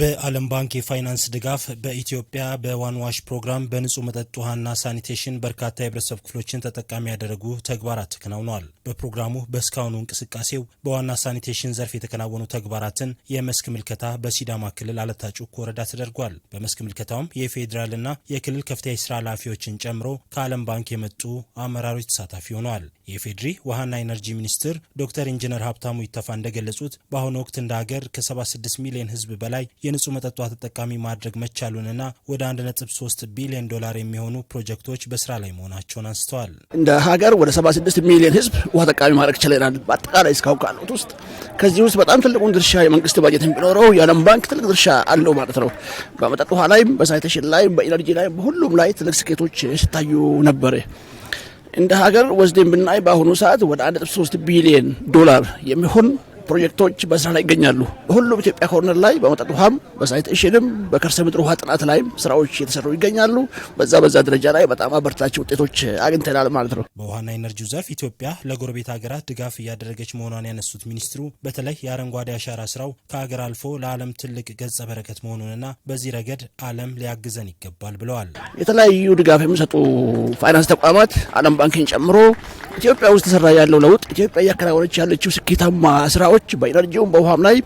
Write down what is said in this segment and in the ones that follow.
በዓለም ባንክ የፋይናንስ ድጋፍ በኢትዮጵያ በዋንዋሽ ፕሮግራም በንጹህ መጠጥ ውሃና ሳኒቴሽን በርካታ የህብረተሰብ ክፍሎችን ተጠቃሚ ያደረጉ ተግባራት ተከናውነዋል። በፕሮግራሙ በእስካሁኑ እንቅስቃሴው በዋና ሳኒቴሽን ዘርፍ የተከናወኑ ተግባራትን የመስክ ምልከታ በሲዳማ ክልል አለታጩክ ወረዳ ተደርጓል። በመስክ ምልከታውም የፌዴራልና የክልል ከፍተኛ የስራ ኃላፊዎችን ጨምሮ ከዓለም ባንክ የመጡ አመራሮች ተሳታፊ ሆነዋል። የፌድሪ ውሃና ኤነርጂ ሚኒስትር ዶክተር ኢንጂነር ሀብታሙ ይተፋ እንደገለጹት በአሁኑ ወቅት እንደ ሀገር ከ76 ሚሊዮን ህዝብ በላይ የንጹህ መጠጥ ውሃ ተጠቃሚ ማድረግ መቻሉንና ወደ 1.3 ቢሊዮን ዶላር የሚሆኑ ፕሮጀክቶች በስራ ላይ መሆናቸውን አንስተዋል። እንደ ሀገር ወደ 76 ሚሊዮን ህዝብ ውሃ ተጠቃሚ ማድረግ ችለናል። በአጠቃላይ እስካሁን ካሉት ውስጥ ከዚህ ውስጥ በጣም ትልቁን ድርሻ የመንግስት ባጀት ቢኖረው የዓለም ባንክ ትልቅ ድርሻ አለው ማለት ነው። በመጠጥ ውሃ ላይም፣ በሳኒቴሽን ላይም፣ በኢነርጂ ላይም በሁሉም ላይ ትልቅ ስኬቶች ሲታዩ ነበር። እንደ ሀገር ወስደን ብናይ በአሁኑ ሰዓት ወደ 1.3 ቢሊዮን ዶላር የሚሆን ፕሮጀክቶች በስራ ላይ ይገኛሉ። ሁሉም ኢትዮጵያ ኮርነር ላይ በመጠጥ ውሃም፣ በሳይቴሽንም፣ በከርሰ ምድር ውሃ ጥናት ላይም ስራዎች የተሰሩ ይገኛሉ። በዛ በዛ ደረጃ ላይ በጣም አበርታች ውጤቶች አግኝተናል ማለት ነው። በውሃና ኤነርጂው ዘርፍ ኢትዮጵያ ለጎረቤት ሀገራት ድጋፍ እያደረገች መሆኗን ያነሱት ሚኒስትሩ በተለይ የአረንጓዴ አሻራ ስራው ከሀገር አልፎ ለዓለም ትልቅ ገጸ በረከት መሆኑንና በዚህ ረገድ ዓለም ሊያግዘን ይገባል ብለዋል። የተለያዩ ድጋፍ የሚሰጡ ፋይናንስ ተቋማት ዓለም ባንክን ጨምሮ ኢትዮጵያ ውስጥ ተሰራ ያለው ለውጥ ኢትዮጵያ እያከናወነች ያለችው ስኬታማ ስራ ስራዎች በኢነርጂውም በውሃም ላይ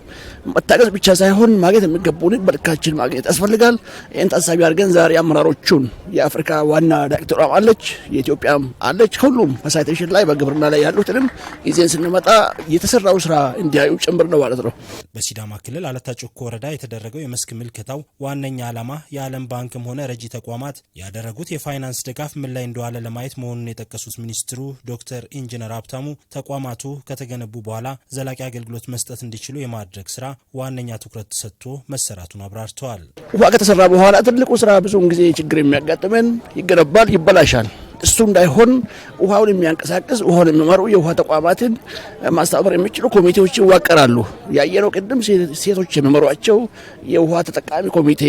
መታገዝ ብቻ ሳይሆን ማግኘት የሚገቡን በልካችን ማግኘት ያስፈልጋል። ይህን ታሳቢ አድርገን ዛሬ አመራሮቹን የአፍሪካ ዋና ዳይሬክተሯም አለች፣ የኢትዮጵያም አለች፣ ሁሉም በሳይቴሽን ላይ በግብርና ላይ ያሉትንም ጊዜን ስንመጣ የተሰራው ስራ እንዲያዩ ጭምር ነው ማለት ነው። በሲዳማ ክልል አለታ ጩኮ ወረዳ የተደረገው የመስክ ምልከታው ዋነኛ ዓላማ የዓለም ባንክም ሆነ ረጂ ተቋማት ያደረጉት የፋይናንስ ድጋፍ ምን ላይ እንደዋለ ለማየት መሆኑን የጠቀሱት ሚኒስትሩ ዶክተር ኢንጂነር ሀብታሙ ተቋማቱ ከተገነቡ በኋላ ዘላቂ አገልግሎት መስጠት እንዲችሉ የማድረግ ስራ ዋነኛ ትኩረት ተሰጥቶ መሰራቱን አብራርተዋል። ውሃ ከተሰራ በኋላ ትልቁ ስራ ብዙውን ጊዜ ችግር የሚያጋጥመን ይገነባል፣ ይበላሻል እሱ እንዳይሆን ውሃውን የሚያንቀሳቅስ ውሃውን የሚመሩ የውሃ ተቋማትን ማስተባበር የሚችሉ ኮሚቴዎች ይዋቀራሉ። ያየነው ቅድም ሴቶች የሚመሯቸው የውሃ ተጠቃሚ ኮሚቴ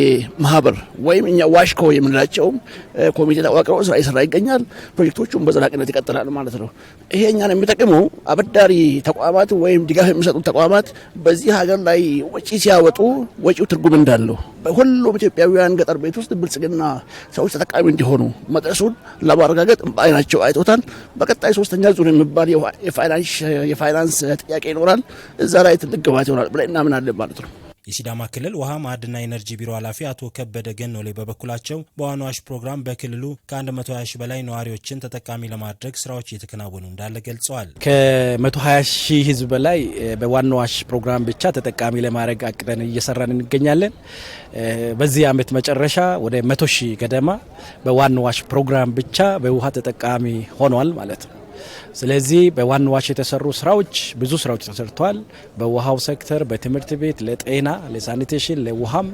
ማህበር ወይም እኛ ዋሽኮ የምንላቸው ኮሚቴ ተዋቅረው ስራ ይሰራ ይገኛል። ፕሮጀክቶቹም በዘላቂነት ይቀጥላል ማለት ነው። ይሄ እኛን የሚጠቅመው አበዳሪ ተቋማት ወይም ድጋፍ የሚሰጡ ተቋማት በዚህ ሀገር ላይ ወጪ ሲያወጡ ወጪው ትርጉም እንዳለው በሁሉም ኢትዮጵያውያን ገጠር ቤት ውስጥ ብልጽግና ሰዎች ተጠቃሚ እንዲሆኑ መድረሱን ለማድረግ ለማረጋገጥ በአይናቸው አይቶታል። በቀጣይ ሶስተኛ ዙር የሚባል የፋይናንስ ጥያቄ ይኖራል። እዛ ላይ ትልቅ ግባት ይሆናል ብለን እናምናለን ማለት ነው። የሲዳማ ክልል ውሃ ማዕድና ኤነርጂ ቢሮ ኃላፊ አቶ ከበደ ገኖሌ በበኩላቸው በዋና ፕሮግራም በክልሉ ከ120 ሺህ በላይ ነዋሪዎችን ተጠቃሚ ለማድረግ ስራዎች እየተከናወኑ እንዳለ ገልጸዋል። ከ120 ሺህ ህዝብ በላይ በዋና ዋሽ ፕሮግራም ብቻ ተጠቃሚ ለማድረግ አቅደን እየሰራን እንገኛለን። በዚህ ዓመት መጨረሻ ወደ 100 ሺህ ገደማ በዋና ዋሽ ፕሮግራም ብቻ በውሃ ተጠቃሚ ሆኗል ማለት ነው። ስለዚህ በዋን ዋሽ የተሰሩ ስራዎች ብዙ ስራዎች ተሰርተዋል። በውሃው ሴክተር፣ በትምህርት ቤት፣ ለጤና፣ ለሳኒቴሽን፣ ለውሃም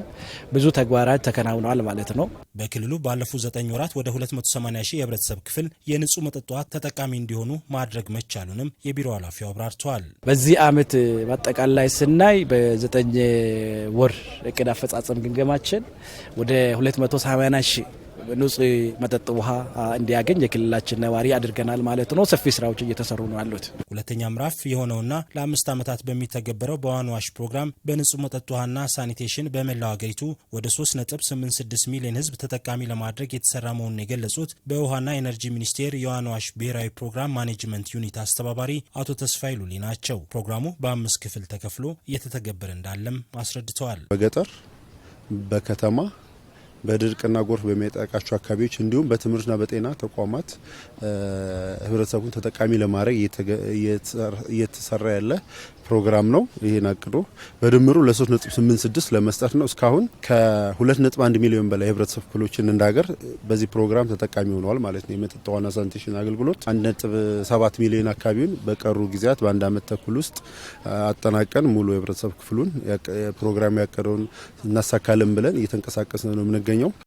ብዙ ተግባራት ተከናውነዋል ማለት ነው። በክልሉ ባለፉት ዘጠኝ ወራት ወደ 280 ሺህ የህብረተሰብ ክፍል የንጹህ መጠጥ ተጠቃሚ እንዲሆኑ ማድረግ መቻሉንም የቢሮ ኃላፊው አብራርተዋል። በዚህ አመት በአጠቃላይ ስናይ በዘጠኝ ወር እቅድ አፈጻጸም ግምገማችን ወደ 280 ሺህ ንጹህ መጠጥ ውሃ እንዲያገኝ የክልላችን ነዋሪ አድርገናል ማለት ነው። ሰፊ ስራዎች እየተሰሩ ነው ያሉት ሁለተኛ ምዕራፍ የሆነውና ለአምስት ዓመታት በሚተገበረው በዋንዋሽ ፕሮግራም በንጹህ መጠጥ ውሃና ሳኒቴሽን በመላው ሀገሪቱ ወደ 3.86 ሚሊዮን ህዝብ ተጠቃሚ ለማድረግ የተሰራ መሆኑን የገለጹት በውሃና ኤነርጂ ሚኒስቴር የዋንዋሽ ብሔራዊ ፕሮግራም ማኔጅመንት ዩኒት አስተባባሪ አቶ ተስፋይ ሉሊ ናቸው። ፕሮግራሙ በአምስት ክፍል ተከፍሎ እየተተገበረ እንዳለም አስረድተዋል። በገጠር በከተማ በድርቅና ጎርፍ በሚያጠቃቸው አካባቢዎች እንዲሁም በትምህርትና በጤና ተቋማት ህብረተሰቡን ተጠቃሚ ለማድረግ እየተሰራ ያለ ፕሮግራም ነው። ይህን አቅዶ በድምሩ ለ3.86 ለመስጠት ነው። እስካሁን ከ2.1 ሚሊዮን በላይ ህብረተሰብ ክፍሎችን እንዳገር በዚህ ፕሮግራም ተጠቃሚ ሆነዋል ማለት ነው። የመጠጥ ዋና ሳኒቴሽን አገልግሎት 1.7 ሚሊዮን አካባቢውን በቀሩ ጊዜያት በአንድ አመት ተኩል ውስጥ አጠናቀን ሙሉ የህብረተሰብ ክፍሉን ፕሮግራም ያቀደውን እናሳካለን ብለን እየተንቀሳቀስ ነው የምንገኘው። non